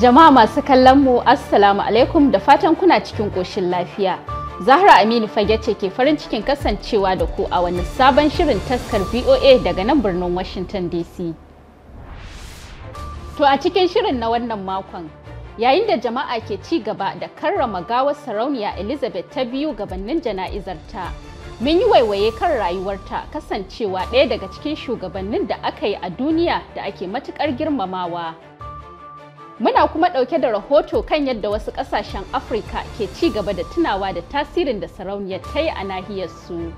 Jama'a masu kallon mu Assalamu alaikum da fatan kuna cikin ƙoshin lafiya. Zahra Aminu Fage ce ke farin cikin kasancewa da ku a wani sabon shirin taskar VOA daga nan birnin Washington DC. To a cikin shirin na wannan makon, yayin da jama'a ke ci gaba da karrama gawar sarauniya Elizabeth ta biyu gabanin jana'izarta. Mun yi waiwaye kan rayuwarta kasancewa ɗaya daga cikin shugabannin da aka yi a duniya da ake matuƙar girmamawa. Muna kuma ɗauke da rahoto kan yadda wasu ƙasashen Afirka ke ci gaba da tunawa da tasirin da sarauniyar ta yi a nahiyarsu.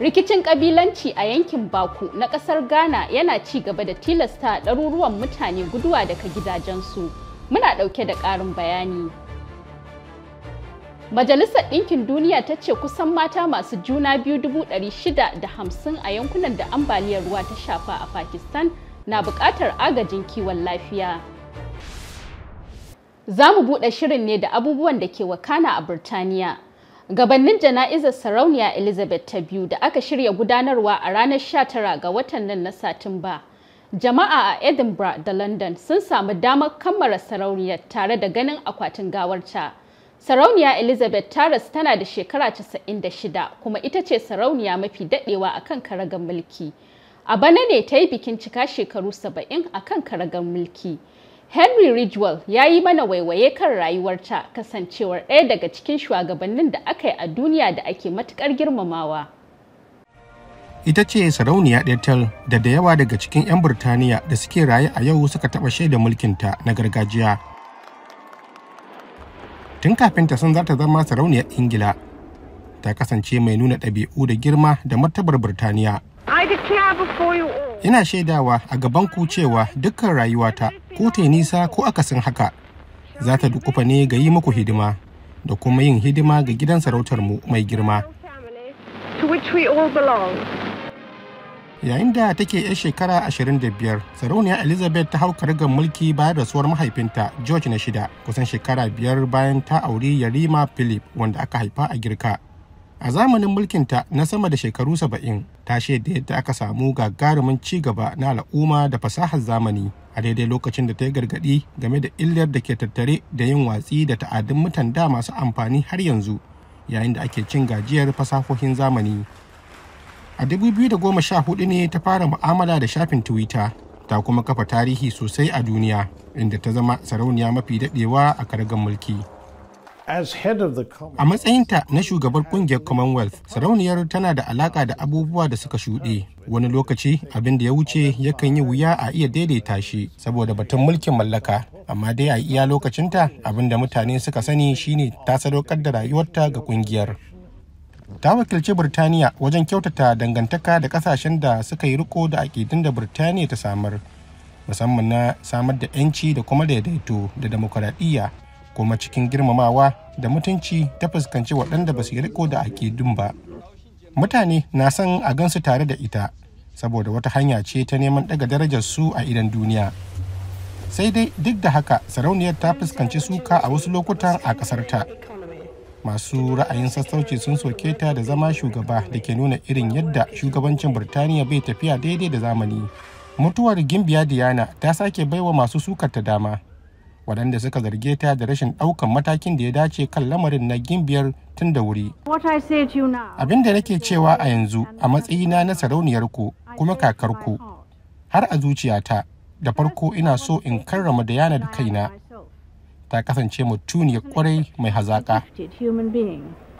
Rikicin ƙabilanci a yankin Baku na ƙasar Ghana yana ci gaba da tilasta ɗaruruwan mutane guduwa daga gidajensu. Muna ɗauke da ƙarin bayani. Majalisar Ɗinkin Duniya ta ce kusan mata masu juna biyu dubu ɗari shida da hamsin a yankunan da ambaliyar ruwa ta shafa a Pakistan na buƙatar agajin kiwon lafiya. Za mu buɗe shirin ne da abubuwan da ke wakana a Birtaniya. Gabannin jana'izar sarauniya Elizabeth ta biyu da aka shirya gudanarwa a ranar 19 ga watan nan na Satumba. Jama'a a Edinburgh da London sun samu damar kammara sarauniyar tare da ganin akwatin gawarta. Sarauniya Elizabeth Taras tana da shekara 96 kuma ita ce sarauniya mafi daɗewa a kan karagar mulki. A bana ne ta yi bikin cika shekaru saba'in a kan karagar mulki. Henry Ridgewell ya yi mana waiwaye kan rayuwarta kasancewar ɗaya daga cikin shugabannin da aka yi a duniya da ake matuƙar girmamawa. Ita ce sarauniya Ethel da da yawa daga cikin 'yan Burtaniya da suke raye a yau suka taɓa shaida mulkinta na gargajiya. Tun kafin ta san za ta zama sarauniyar Ingila, ta kasance mai nuna ɗabi'u da girma da martabar Burtaniya. Ina shaidawa a gaban ku cewa dukkan rayuwata ko ta nisa ko akasin haka za ta dukufa ne ga yi muku hidima da kuma yin hidima ga gidan sarautar mu mai girma. Yayin da take 'yar shekara biyar, sarauniya Elizabeth ta hau karigar mulki bayan rasuwar mahaifinta George na shida kusan shekara biyar bayan ta auri Yarima Philip wanda aka haifa a Girka. A zamanin mulkinta na sama da shekaru saba'in, ta da yadda aka samu gagarumin ci gaba na al'umma da fasahar zamani a daidai lokacin da ta yi gargaɗi game da illar da ke tattare da yin watsi da ta'adun mutan da masu amfani har yanzu yayin da ake cin gajiyar fasahohin zamani a 2014 ne ta fara mu'amala da shafin twitter ta kuma kafa tarihi sosai a duniya inda ta zama sarauniya mafi daɗewa a kargan mulki. A matsayinta na shugabar kungiyar Commonwealth, sarauniyar tana da alaƙa da abubuwa da suka shuɗe. Wani lokaci abin da ya wuce yakan yi wuya a iya daidaita shi saboda batun mulkin mallaka. Amma dai a iya lokacinta abin da mutane suka sani shine ta sadaukar da rayuwarta ga kungiyar. ta wakilci Birtaniya wajen kyautata dangantaka da ƙasashen da suka yi riko da aƙidun da Birtaniya ta samar, musamman na samar da 'yanci da kuma daidaito da demokuraɗiyya kuma cikin girmamawa da mutunci ta fuskanci waɗanda ba su yi riko da aƙidun ba mutane na son a gansu tare da ita saboda wata hanya ce ta neman ɗaga darajar su a idan duniya sai dai duk da haka sarauniyar ta fuskanci suka a wasu lokutan a ƙasar ta masu ra'ayin sassauci sun soke ta da zama shugaba da ke nuna irin yadda shugabancin birtaniya bai tafiya daidai da zamani mutuwar gimbiya diana ta sake baiwa masu sukar ta dama waɗanda suka zarge ta da rashin ɗaukan matakin da ya dace kan lamarin na gimbiyar tun da wuri. Abin da nake cewa a yanzu a matsayina na sarauniyar ku kuma kakar ku har a zuciyata da farko ina so in karrama yana da kaina ta kasance mutuniyar kwarai mai hazaƙa.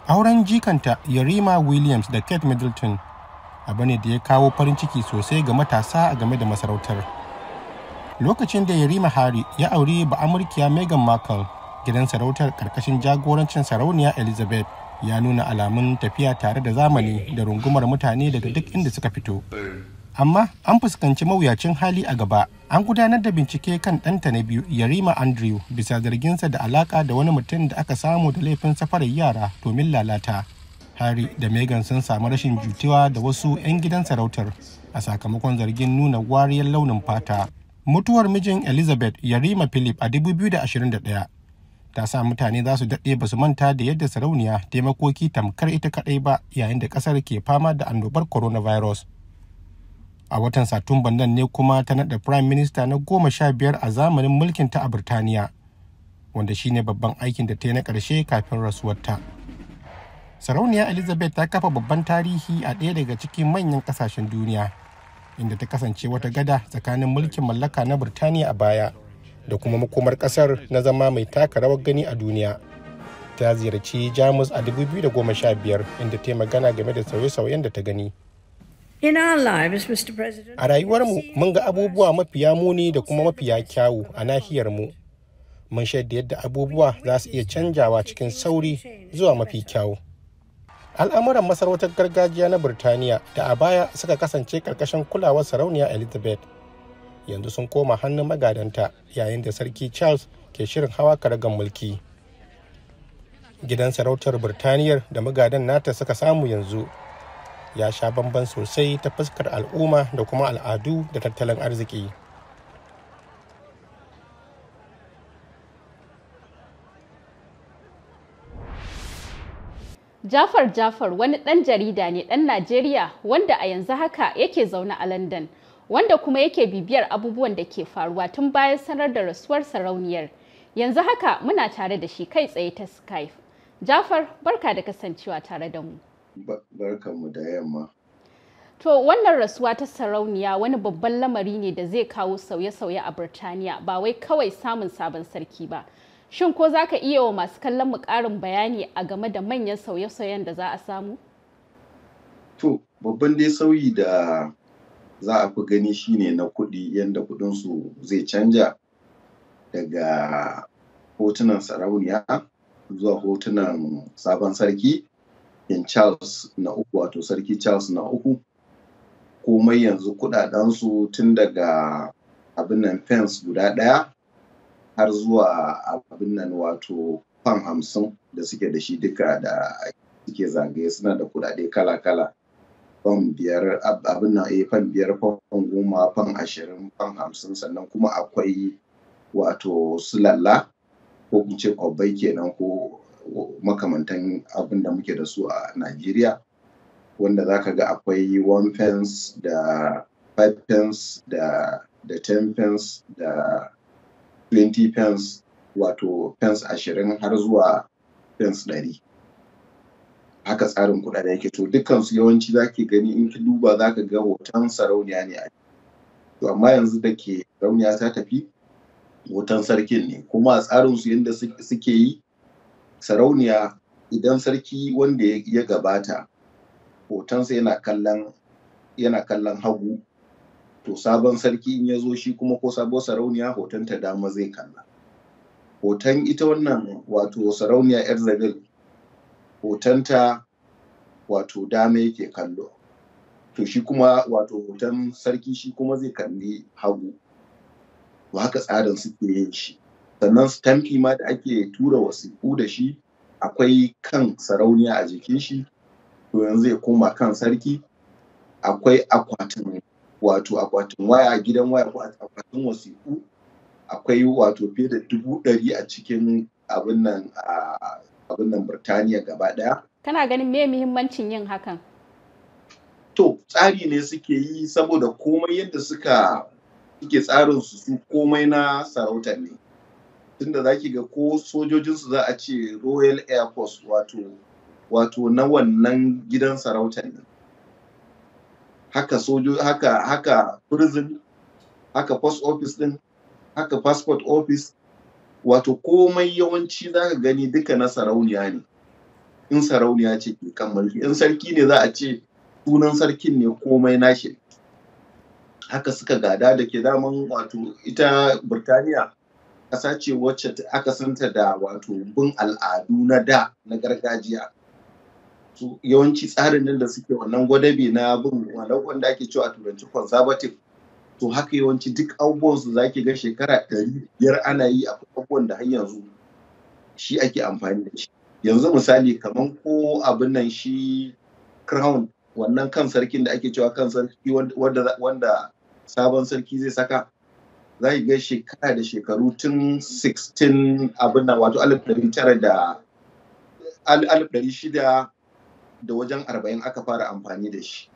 Auren jikanta Yarima Williams da Kate Middleton abu ne da ya kawo farin ciki sosai ga matasa game da masarautar. lokacin da yarima hari ya auri Ba'amurkiya amurkiya meghan markle gidan sarautar karkashin jagorancin sarauniya elizabeth ya nuna alamun tafiya tare da zamani da rungumar mutane daga duk inda suka fito amma an fuskanci mawuyacin hali a gaba an gudanar da bincike kan ɗanta na biyu yarima andrew bisa zarginsa da alaka da wani mutum da aka samu da laifin safarar yara domin lalata hari da Meghan sun samu rashin jituwa da wasu 'yan gidan sarautar a sakamakon zargin nuna wariyar launin fata. mutuwar mijin elizabeth yarima philip a 2021 ta sa mutane za su daɗe ba su manta da yadda sarauniya taimakoki tamkar ita kaɗai ba yayin da ƙasar ke fama da annobar coronavirus a watan satumban nan ne kuma ta naɗa prime minister na goma sha biyar a zamanin mulkin ta a birtaniya wanda shi ne babban aikin da ta yi na ƙarshe kafin rasuwarta sarauniya elizabeth ta kafa babban tarihi a ɗaya daga cikin manyan ƙasashen duniya inda ta kasance wata gada tsakanin mulkin mallaka na Birtaniya a baya da kuma makomar kasar na zama mai taka rawar gani a duniya. Ta ziyarci Jamus a 2015 inda ta magana game da sauye-sauyen da ta gani. A rayuwarmu mun ga abubuwa mafiya muni da kuma mafiya kyawu a nahiyarmu. Mun shaida yadda abubuwa za su iya canjawa cikin sauri zuwa mafi kyawu. al'amuran masarautar gargajiya na Birtaniya da a baya suka kasance karkashin kulawar sarauniya Elizabeth yanzu sun koma hannun magadanta yayin da sarki Charles ke shirin hawa karagan mulki. Gidan sarautar Birtaniyar da magadan nata suka samu yanzu ya sha bamban sosai ta fuskar al'umma da kuma al'adu da tattalin arziki. Jafar Jafar wani ɗan jarida ne ɗan Najeriya wanda a yanzu haka yake zaune a London, wanda kuma yake bibiyar abubuwan da ke faruwa tun bayan sanar da rasuwar sarauniyar. Yanzu haka muna tare da shi kai tsaye ta Skype. Jafar, barka da kasancewa tare da mu. mu da yamma. To wannan rasuwa ta sarauniya wani babban lamari ne da zai kawo sauye-sauye a burtaniya ba wai kawai samun sabon sarki ba. Shin ko za ka iya wa masu kallon mu ƙarin bayani a game da manyan sauye-sauyen da za a samu? To, babban dai sauyi da za a fi gani shine na kuɗi yadda kuɗinsu zai canja daga hotunan sarauniya zuwa hotunan sabon sarki in Charles na uku wato sarki Charles na uku komai yanzu kuɗaɗensu tun daga abin nan fence guda ɗaya har zuwa abin nan wato fan hamsin da suke da shi duka da suke zagaye suna da kudade kala-kala fan biyar abin nan eh fan biyar fan goma fan ashirin fan hamsin sannan kuma akwai wato sulalla ko in ce kwabbai kenan ko makamantan abin da muke da su a Najeriya wanda za ka ga akwai one pence da five pence da da ten pence da 20 pence wato pence ashirin har zuwa pence ɗari haka tsarin kudade yake to dukkan su yawanci zaki gani in ki duba zaka ga hoton sarauniya ne a to amma yanzu da ke sarauniya ta tafi hoton sarkin ne kuma a tsarin su yadda suke yi sarauniya idan sarki wanda ya gabata hotonsa yana kallon yana kallon hagu to sabon sarki in ya zo shi kuma ko sabon sarauniya hoton ta dama zai kalla hoton ita wannan wato sarauniya yar zabil hoton ta wato dama yake kallo to shi kuma wato hoton sarki shi kuma zai kalli hagu to haka tsarin suke yin shi sannan stamfi ma da ake tura wasiƙu da shi akwai kan sarauniya a jikin shi to yanzu ya koma kan sarki akwai akwatin wato akwatin waya a gidan waya ko akwatin wasiƙu akwai wato fiye da dubu ɗari a cikin abin nan Birtaniya gaba ɗaya. Kana ganin me muhimmancin yin hakan? To tsari ne suke yi saboda komai yadda suka suke tsarin su su komai na sarauta ne. Tunda zaki ga ko sojojinsu za a ce Royal Air Force wato wato na wannan gidan sarauta ne. haka sojo haka haka prison haka post office din haka passport office wato komai yawanci za ka gani duka na sarauniya ne in sarauniya ce ke kan mulki in sarki ne za a ce sunan sarkin ne komai nashi haka suka gada da ke daman wato ita burtaniya ƙasa ce wacce aka santa da wato bin al'adu na da na gargajiya yawanci tsarin nan da suke wannan gwadabi na bin wannan wanda ake cewa a turanci conservative to haka yawanci duk abubuwan su za ga shekara ɗari biyar ana yi a abubuwan da har yanzu shi ake amfani da shi yanzu misali kamar ko abin nan shi crown wannan kan sarkin da ake cewa kan sarki wanda sabon sarki zai saka za ga shekara da shekaru tun 16 abin nan wato da wajen arba'in aka fara amfani da shi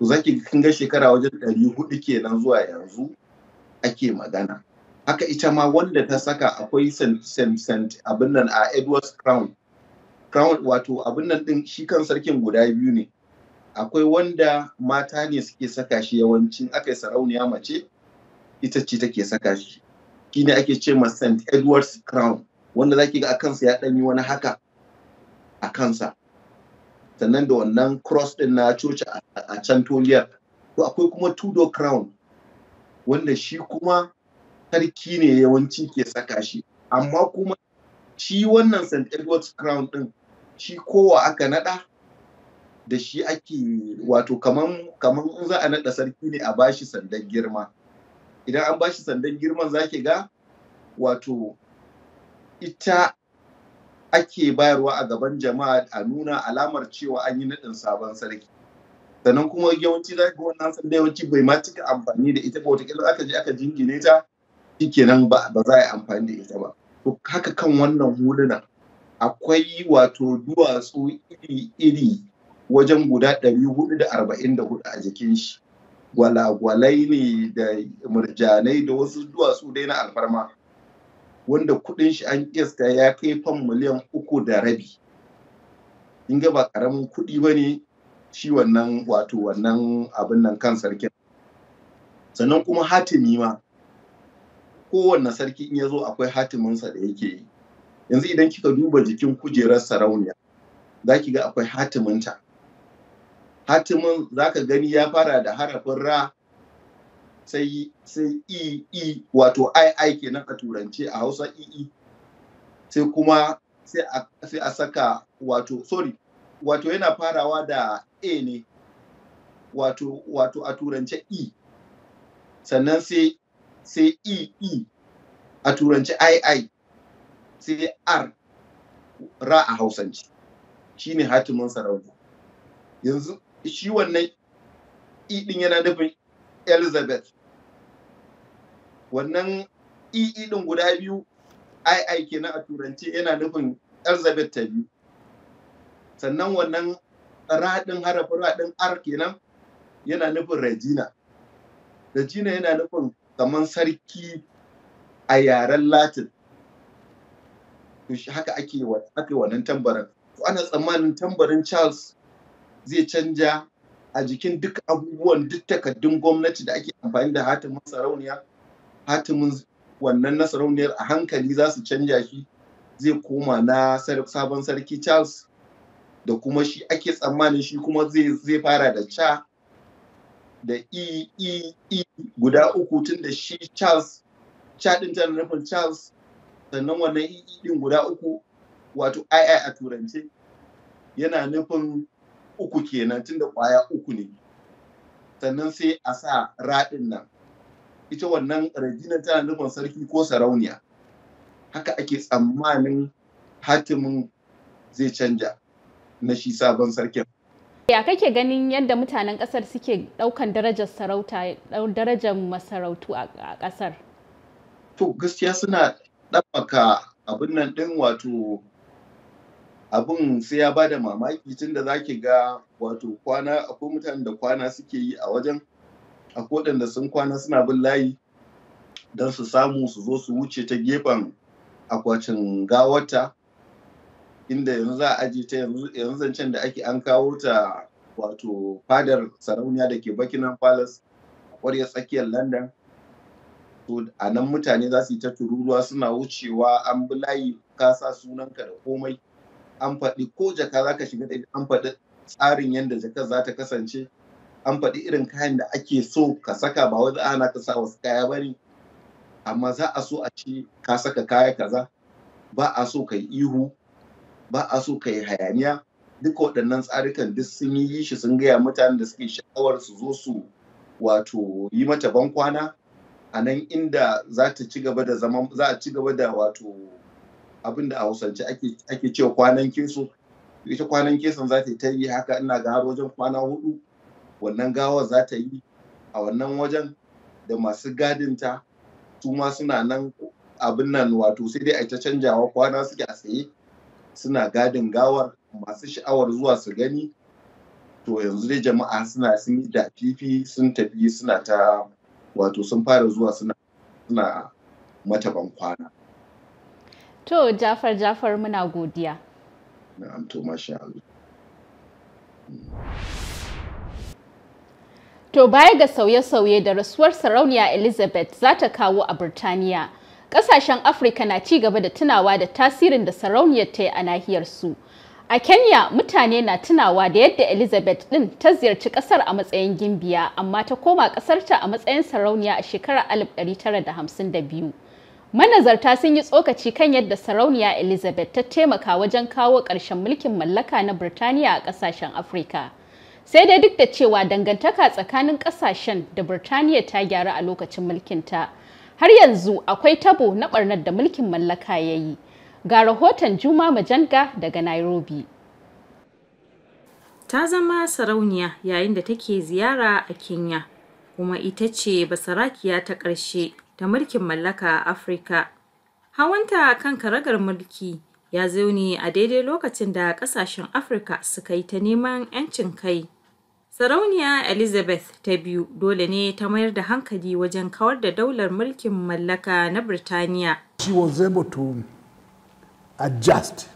zaki kin ga shekara wajen ɗari hudu kenan zuwa yanzu ake magana haka ita ma wanda ta saka akwai st abin nan a edwards crown crown wato abin nan ɗin shi kan sarkin guda biyu ne akwai wanda mata ne suke saka shi yawanci, aka yi sarauniya mace ita ce take saka shi shi ne ake ce ma st edwards crown wanda zaki ga a kansa ya ɗanyi wani haka a kansa sannan da wannan cross din na coci a can toliyar to akwai kuma tudo crown wanda shi kuma sarki ne yawanci ke saka shi amma kuma shi wannan st edward's crown din shi kowa aka nada da shi ake wato kaman kaman in za a nada sarki ne a bashi sandan girma idan an bashi sandan girman zaki ga wato ita ake bayarwa a gaban jama'a a nuna alamar cewa an yi naɗin sabon sarki sannan kuma yawanci za ga wannan sanda yawanci bai ma cika amfani da ita ba wataƙila aka je aka jingine ta shikenan ba ba za a yi amfani da ita ba to haka kan wannan hulunan akwai wato duwatsu iri-iri wajen guda da hudu a jikin shi gwalagwalai ne da murjanai da wasu duwatsu dai na alfarma wanda kuɗin shi an kiyasta ya kai fan miliyan uku da rabi in ga ba ƙaramin kuɗi ba ne shi wannan wato wannan abin nan kan sarkin sannan kuma hatimi ma kowanne sarki in ya zo akwai hatiminsa da yake yi yanzu idan kika duba jikin kujerar sarauniya za ki ga akwai hatiminta hatimin za ka gani ya fara da harafin ra sai sai ii e, e, wato ai kenan a turance a hausa ii e, sai kuma sai a saka wato sorry wato yana farawa da a ne wato wato a turance e sannan sai sai ee a turance ii sai r ra a hausance shine hatimin sarauta yanzu shi wannan e din yana nufin elizabeth wannan ii e din e guda biyu ii kenan a turanci yana nufin elizabeth ta biyu sannan wannan raɗin harafin raɗin r kenan yana nufin regina regina yana nufin kamar sarki a yaren latin haka ake ake wannan tambarin to ana tsammanin tambarin charles zai canja a jikin duk abubuwan duk takaddun gwamnati da ake amfani da hatimin sarauniya hatimin wannan na sarauniyar a hankali za su canja shi zai koma na sabon sarki charles da kuma shi ake tsammanin shi kuma zai fara da cha da e e e guda uku tun da shi charles chadin din tana nufin charles sannan wannan e e din guda uku wato ii a turance yana nufin uku kenan tun da kwaya uku ne sannan sai a sa raɗin nan ita wannan radinan tana nufin sarki ko sarauniya haka ake tsammanin hatimin zai canja na shi sabon sarkin ya kake ganin yadda mutanen kasar suke daukan darajar sarauta darajar masarautu a kasar to gaskiya suna ɗabbaka abin nan ɗin wato abin sai ya bada mamaki tunda da zaki ga wato kwana akwai mutanen da kwana suke yi a wajen a waɗanda sun kwana suna bin layi don su samu su zo su wuce ta gefen akwatin gawata inda yanzu za a aje ta yanzu zancen da ake an kawo ta wato fadar sarauniya da ke Buckingham Palace a ƙwaryar tsakiyar London. To a nan mutane za su yi ta tururuwa suna wucewa an bi layi ka sa sunanka da komai an faɗi ko jaka za ka shiga da an faɗi tsarin yadda jaka za ta kasance an faɗi irin kayan da ake so ka saka ba wai za ana ka sa wasu kaya ba ne amma za a so a ce ka saka kaya kaza ba a so ka yi ihu ba a so ka yi hayaniya duka waɗannan tsarikan duk sun yi shi sun gaya mutanen da suke sha'awar su zo su wato yi mata bankwana a nan inda za ta ci gaba da zaman za a ci gaba da wato abin da a hausance ake cewa kwanan kesu. ita kwanan kesan za ta yi ta yi haka ina ga har wajen kwana hudu wannan gawar za ta yi a wannan wajen da masu gadinta su ma suna nan abin nan wato sai dai a ta canjawa kwana suke a tsaye suna gadin gawar masu sha'awar zuwa su gani to yanzu dai jama'a suna sun yi dafifi sun tafi suna ta wato sun fara zuwa suna suna mata kwana to jafar jafar muna godiya na'am to masha Allah hmm. To baya ga sauye-sauye da rasuwar sarauniya Elizabeth za ta kawo a Birtaniya, ƙasashen Afirka na ci gaba da tunawa da tasirin da sarauniyar ta yi a nahiyarsu. A Kenya mutane na tunawa da yadda Elizabeth ɗin ta ziyarci ƙasar a matsayin gimbiya amma ta koma ƙasarta a matsayin sarauniya a shekarar 1952. Manazarta sun yi tsokaci kan yadda sarauniya Elizabeth ta taimaka wajen kawo ƙarshen mulkin mallaka na Birtaniya a ƙasashen Afirka. sai dai duk da cewa dangantaka tsakanin kasashen da birtaniya ta gyara a lokacin mulkinta har yanzu akwai tabo na barnar da mulkin mallaka ya yi ga rahoton juma majanga daga nairobi ta zama sarauniya yayin da take ziyara a kenya kuma ita ce basarakiya ta ƙarshe ta mulkin mallaka a afirka hawanta kan karagar mulki ya zo ne a daidai lokacin da kasashen afirka suka yi ta neman 'yancin kai Sarauniya Elizabeth ta biyu dole ne ta mayar da hankali wajen kawar da daular mulkin mallaka na Birtaniya. She was able to adjust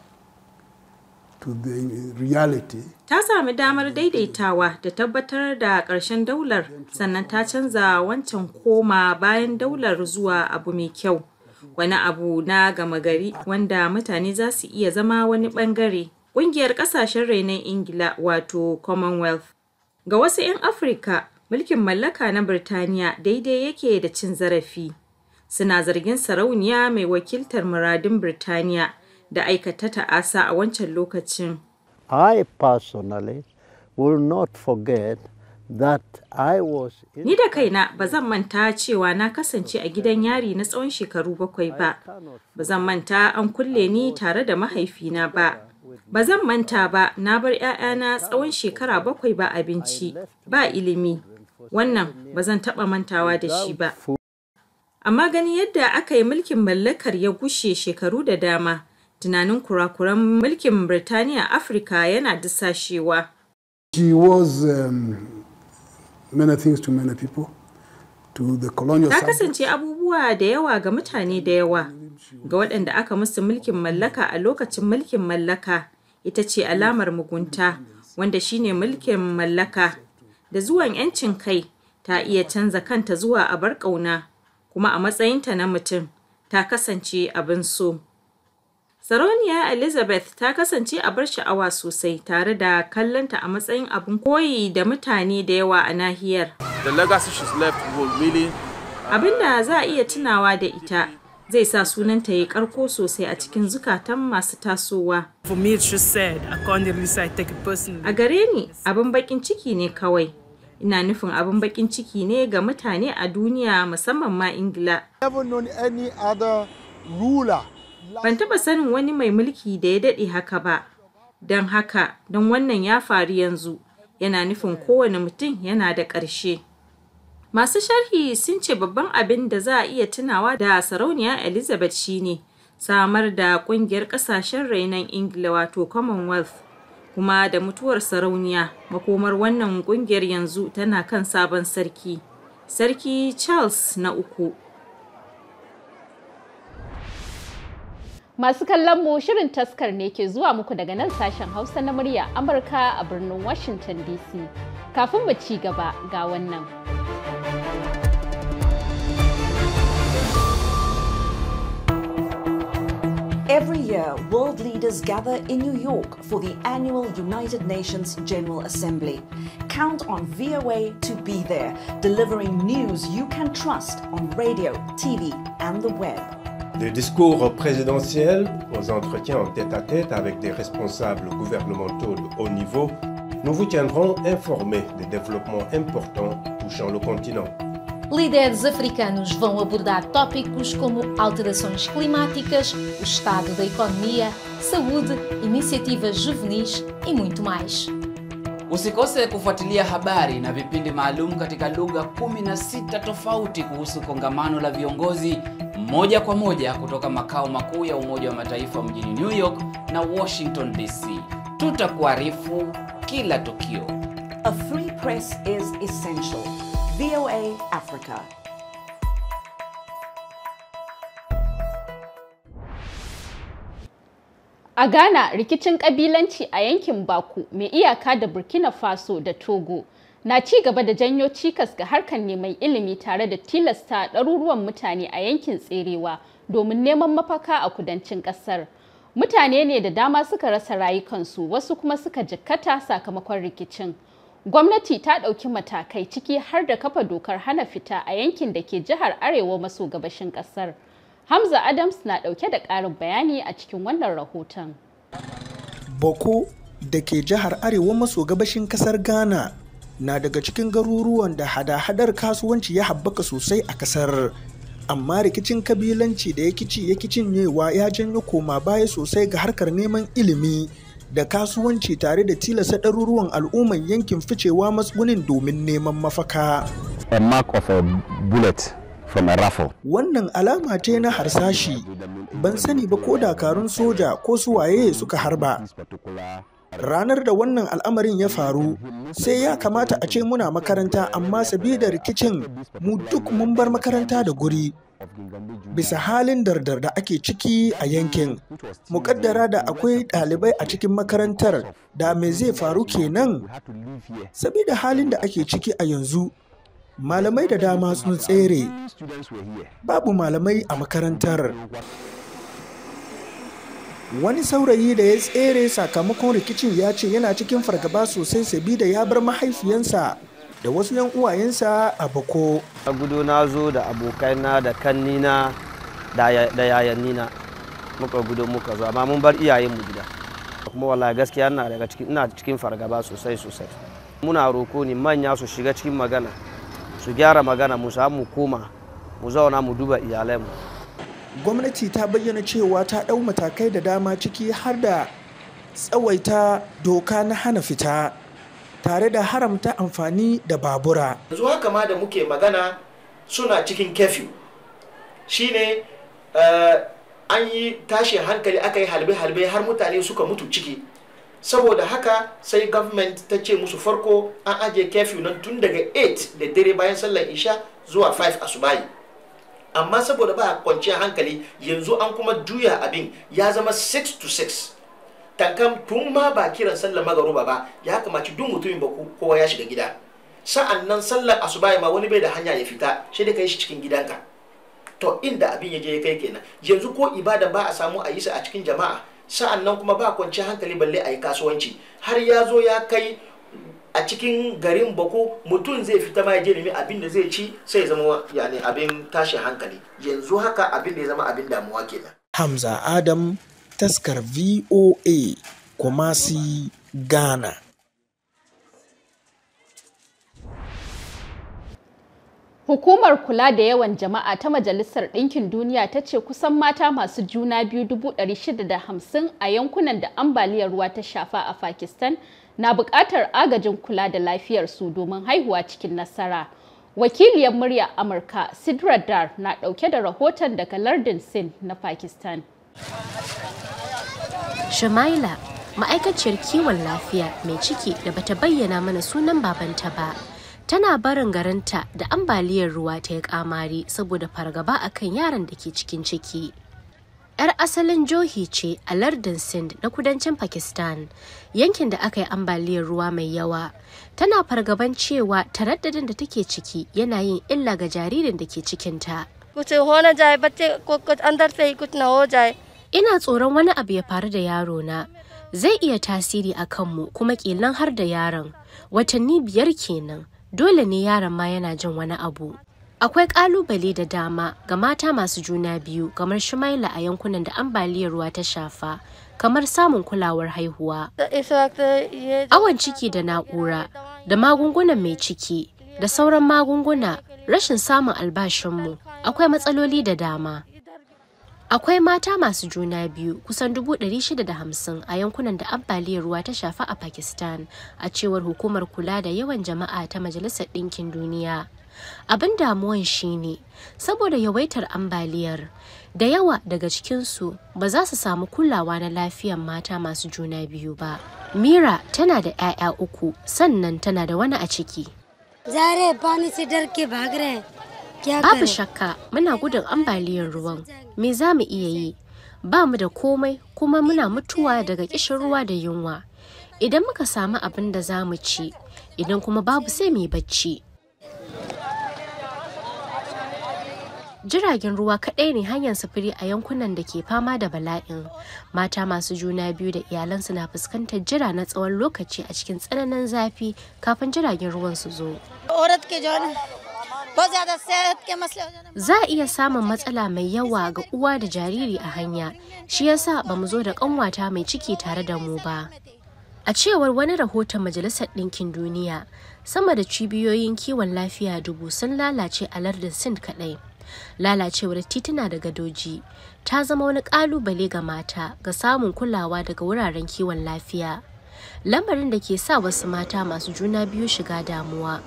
to the reality. Ta sami damar daidaitawa da tabbatar da ƙarshen daular sannan ta canza wancan koma bayan daular zuwa abu mai kyau. Wani abu na gama gari wanda mutane za su iya zama wani bangare. Ƙungiyar ƙasashen rainon Ingila wato Commonwealth Ga wasu 'yan Afirka, mulkin mallaka na Birtaniya daidai yake da cin zarafi. Suna zargin sarauniya mai wakiltar muradun Birtaniya da aikata ta'asa a wancan lokacin. I personally will not forget that I was Ni da kaina ba zan manta cewa na kasance a gidan yari na tsawon shekaru bakwai ba. Ba zan manta an kulle ni tare da mahaifina ba. Ba zan manta ba na bar 'ya'yana tsawon shekara bakwai ba abinci, ba ilimi. Wannan ba zan taɓa mantawa da shi ba. Amma gani yadda aka yi mulkin mallakar ya gushe shekaru da dama, tunanin kurakuran mulkin Birtaniya Afirka yana dusashewa. She um, ta kasance abubuwa da yawa ga mutane da yawa ga waɗanda aka musu mulkin mallaka a lokacin mulkin mallaka ita ce alamar mugunta wanda shine mulkin mallaka da zuwan 'yancin kai ta iya canza kanta zuwa abar ƙauna kuma a matsayinta na mutum ta kasance abin so. Sarauniya Elizabeth ta kasance a bar sha'awa sosai tare da kallonta a matsayin abin koyi da mutane da yawa a nahiyar. Abin da za a iya tunawa da ita zai sa sunanta ya karko sosai a cikin zukatan masu tasowa. A gare ni abin bakin ciki ne kawai. Ina nufin abin bakin ciki ne ga mutane a duniya musamman ma Ingila. Ban taɓa sanin wani mai mulki da ya daɗe haka ba, don haka don wannan ya faru yanzu yana nufin kowane mutum yana da ƙarshe. Masu sharhi sun ce babban abin da za a iya tunawa da sarauniya Elizabeth shine samar da ƙungiyar ƙasashen rainon Ingila wato Commonwealth. Kuma da mutuwar sarauniya, makomar wannan ƙungiyar yanzu tana kan sabon sarki, Sarki Charles na uku. Masu kallon mu shirin taskar ne ke zuwa muku daga nan sashen Hausa na murya Amurka a birnin Washington DC. Kafin mu ci gaba ga wannan. Every year, world leaders gather in New York for the annual United Nations General Assembly. Count on VOA to be there, delivering news you can trust on radio, TV, and the web. des discours présidentiels aux entretiens en tête-à-tête avec des responsables gouvernementaux de haut niveau, nous vous tiendrons informés des développements importants touchant le continent. Líderes africanos vão abordar tópicos como alterações climáticas, o estado da economia, saúde, iniciativas juvenis e muito mais. Usikose kufuatilia habari na vipindi la moja kwa moja kutoka makao makuu ya Umoja wa Mataifa mjini New York na Washington DC. Tutakuarifu kila tukio. A free press is essential. VOA Africa. A Ghana, rikicin kabilanci a yankin Baku mai iyaka da Burkina Faso da Togo na ci gaba da janyo cikas ga harkar neman ilimi tare da tilasta ɗaruruwan mutane a yankin tserewa domin neman mafaka a kudancin ƙasar. Mutane ne da dama suka rasa rayukansu wasu kuma suka jikkata sakamakon rikicin. Gwamnati ta ɗauki matakai ciki har da kafa dokar hana fita a yankin da ke jihar Arewa maso gabashin ƙasar. Hamza Adams na ɗauke da ƙarin bayani a cikin wannan rahoton. Boko da ke jihar Arewa maso gabashin ƙasar Ghana na daga cikin garuruwan da hada-hadar kasuwanci ya haɓaka sosai a kasar amma rikicin kabilanci da ya kici ya cinyewa ya janyo koma baya sosai ga harkar neman ilimi da kasuwanci tare da tilasta ɗaruruwan al'umman yankin ficewa matsugunin domin neman mafaka. A mark of a bullet from a Wannan alama ce na harsashi, ban sani ba ko dakarun soja ko suwaye suka harba. ranar da wannan al'amarin ya faru sai ya kamata a ce muna makaranta amma sabida rikicin mu duk mun bar makaranta da guri bisa halin dardar da ake ciki a yankin mukaddara da akwai ɗalibai a cikin makarantar da me zai faru kenan sabida halin da ake ciki a yanzu malamai da dama sun tsere babu malamai a makarantar wani saurayi da ya tsere sakamakon rikicin ya ce yana cikin fargaba sosai sabida ya bar mahaifiyansa da wasu yan uwayensa a bako gudu na zo da abokaina da kannina da yayannina muka gudu muka zo amma mun bar iyayenmu gida kuma wallahi gaskiya ina daga cikin ina cikin fargaba sosai sosai muna roko ne manya su shiga cikin magana su gyara magana mu samu koma mu zauna mu duba iyalai mu. gwamnati ta bayyana cewa ta ɗau matakai da dama ciki har da tsawaita doka na hana fita tare da haramta amfani da babura yanzu haka ma da muke magana suna cikin kefi shine eh, an yi tashi hankali aka yi halbe-halbe har mutane suka mutu ciki saboda haka sai government ta ce musu farko an ajiye kefi nan tun daga 8 da dare bayan sallar isha zuwa 5 asubahi amma saboda ba kwanciyar hankali yanzu an kuma juya abin ya zama 6 to 6 tankan tun ma ba kiran sallar magaruba ba ya kamaci duk mutumin ba kowa ya shiga gida sa'an nan sallar asuba ma wani bai da hanya ya fita shi da kai shi cikin gidanka to inda abin ya je ya kai kenan yanzu ko ibada ba a samu a yi sa a cikin jama'a sa'an nan kuma ba kwanciyar hankali balle a yi kasuwanci har ya zo ya kai a cikin garin bako mutum zai fita ma je nemi abin da zai ci sai zama yani abin tashi hankali yanzu haka abin da ya zama abin damuwa kenan hamza adam taskar voa kumasi ghana Hukumar kula da yawan jama'a ta Majalisar Ɗinkin Duniya ta ce kusan mata masu juna biyu dubu ɗari shida da hamsin a yankunan da ambaliyar ruwa ta shafa a Pakistan na buƙatar agajin kula da lafiyarsu domin haihuwa cikin nasara. Wakiliyar murya Amurka Sidra Dar na ɗauke da rahoton daga lardin Sin na Pakistan. Shamaila ma'aikaciyar kiwon lafiya mai ciki da bata bayyana mana sunan babanta ba. tana barin garinta da ambaliyar ruwa ta yi kamari saboda fargaba a kan yaran da ke cikin ciki. 'yar asalin johi ce a lardin sindh na kudancin pakistan yankin da aka yi ambaliyar ruwa mai yawa tana fargaban cewa taraddadin da take ciki yana yin illa ga jaririn da ke cikinta ina tsoron wani abu ya faru da yaro na zai iya tasiri a kanmu kuma kilan har da yaron watanni biyar kenan dole ne yaron ma yana jin wani abu. Akwai ƙalubale da dama ga mata masu juna biyu kamar Shimaila a yankunan da ambaliyar ruwa ta shafa, kamar samun kulawar haihuwa. Awon ciki da na'ura, da magungunan mai ciki, da sauran magunguna, rashin samun albashinmu, akwai matsaloli da dama. Akwai mata masu juna biyu kusan 650 a yankunan da ambaliyar ruwa ta shafa a Pakistan, a cewar hukumar kula da yawan jama'a ta Majalisar Ɗinkin Duniya. Abin damuwan shi ne, saboda yawaitar ambaliyar, da yawa daga cikinsu ba za su samu kulawa na lafiyan mata masu juna biyu ba. Mira tana da 'ya'ya uku sannan tana da wani a ciki. Zare Babu shakka muna gudun ambaliyar ruwan. Me za mu iya yi? Ba mu da komai kuma muna mutuwa daga kishin ruwa da yunwa. Idan muka samu abin da za mu ci, idan kuma babu sai mu yi bacci. jiragen ruwa kaɗai ne hanyar sufuri a yankunan da ke fama da bala'in mata masu juna biyu da iyalansu na fuskantar jira na tsawon lokaci a cikin tsananin zafi kafin jiragen ruwan su zo za a iya samun matsala mai yawa ga uwa da jariri a hanya shi yasa ba mu zo da kanwata mai ciki tare da mu ba a cewar wani rahoton majalisar ɗinkin duniya sama da cibiyoyin kiwon lafiya dubu sun lalace a lardin sind kaɗai lalacewar tituna da gadoji ta zama wani ƙalubale ga mata ga samun kulawa daga wuraren kiwon lafiya lamarin da ke sa wasu mata masu juna biyu shiga damuwa.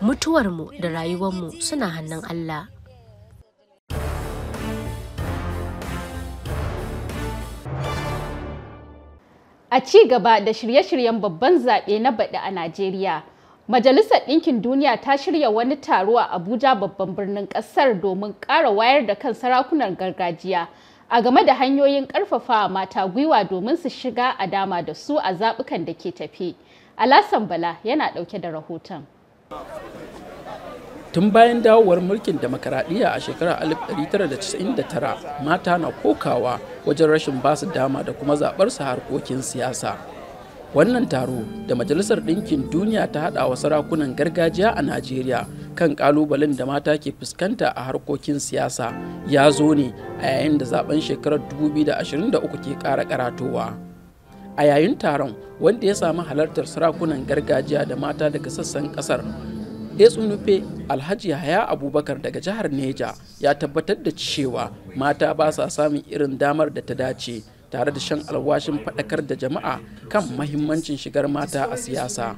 Mutuwarmu da rayuwarmu suna hannun Allah. A ci gaba da shirye-shiryen babban zaɓe na baɗi a Najeriya, Majalisar Ɗinkin Duniya ta shirya wani taro a Abuja babban birnin ƙasar domin ƙara wayar da kan sarakunan gargajiya. a game da hanyoyin karfafa mata gwiwa domin su shiga a dama da su a zabukan da ke tafi. Alasan Bala yana dauke da rahoton. Tun bayan dawowar mulkin demokaradiyya a shekarar 1999 mata na kokawa wajen rashin basu dama da kuma zabar su harkokin siyasa. wannan taro da majalisar ɗinkin duniya ta haɗa wa sarakunan gargajiya a najeriya kan ƙalubalen da mata ke fuskanta a harkokin siyasa ya zo ne a yayin da zaben shekarar 2023 ke ƙara karatowa a yayin taron wanda ya sami halartar sarakunan gargajiya da mata daga sassan ƙasar etsunufe alhaji haya abubakar daga jihar neja ya tabbatar da cewa mata ba sa samun irin damar da ta dace tare da shan alwashin faɗakar da jama'a kan mahimmancin shigar mata a siyasa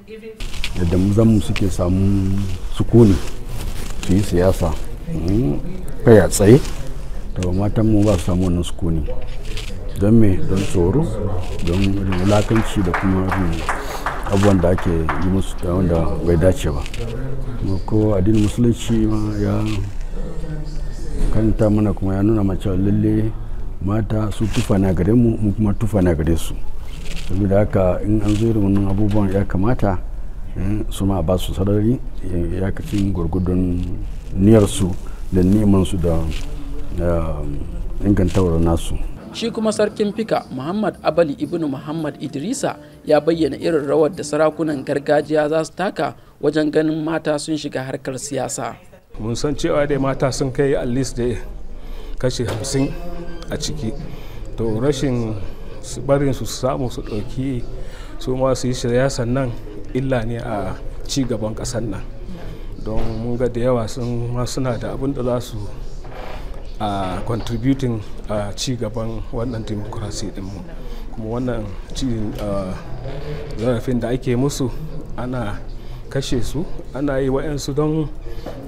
yadda mu suke samu sukuni su yi siyasa mm, kai a tsaye to mu ba su samu wannan sukuni don me don tsoro don wulakanci da kuma abubuwan da ake yi musu da wanda bai dace ba ko addinin musulunci ma ya kanta mana kuma ya nuna mace lalle mata su tufa na gare mu mu kuma tufa gare su saboda haka in an zo da wannan abubuwan ya kamata eh, su ma ba su sarari eh, ya kacin niyyar niyarsu da su da eh, ingantawar nasu shi kuma sarkin fika muhammad abali ibnu muhammad idrisa ya bayyana irin rawar da sarakunan gargajiya za su taka wajen ganin mata sun shiga harkar siyasa mun san cewa dai mata sun kai at least da kashi hamsin a ciki to rashin barin su samu su ɗauki su ma su yi siyasan nan illa ne a ci gaban ƙasar nan don mun ga da yawa sun suna da abin da za su a contributing a ci gaban wannan demokrasi mu kuma wannan ci zarafin da ake musu ana kashe su ana yi wa'yansu don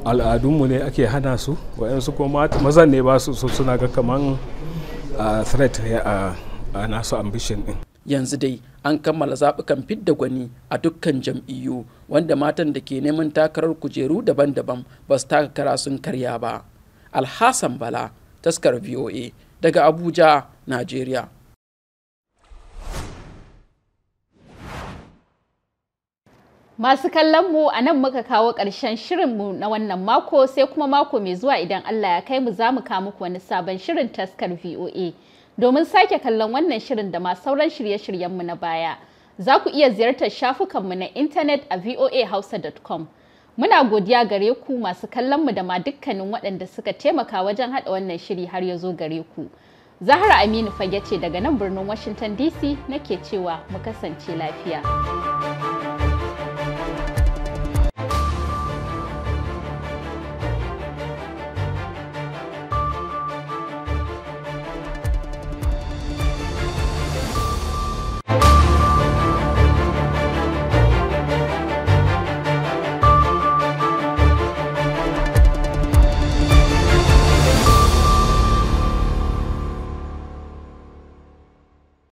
al'adunmu ne ake hana su wa'yansu kuma mazan ne ba su suna ga kaman threat a nasu ambition din yanzu dai an kammala zaɓukan fidda gwani a dukkan jam'iyyu wanda matan da ke neman takarar kujeru daban-daban ba su taka kara sun karya ba alhassan bala taskar voa daga abuja najeriya Masu kallon mu a nan muka kawo ƙarshen shirinmu na wannan mako sai kuma mako mai zuwa idan Allah ya kai mu za mu kawo muku wani sabon shirin taskar VOA. Domin sake kallon wannan shirin da ma sauran shirye-shiryenmu na baya, za ku iya ziyartar shafukanmu na intanet a voahausa.com. Muna godiya gare ku masu kallon mu da ma dukkanin waɗanda suka taimaka wajen haɗa wannan shiri har ya zo gare ku. Zahra Aminu fage ce daga nan birnin Washington DC nake cewa mu kasance lafiya.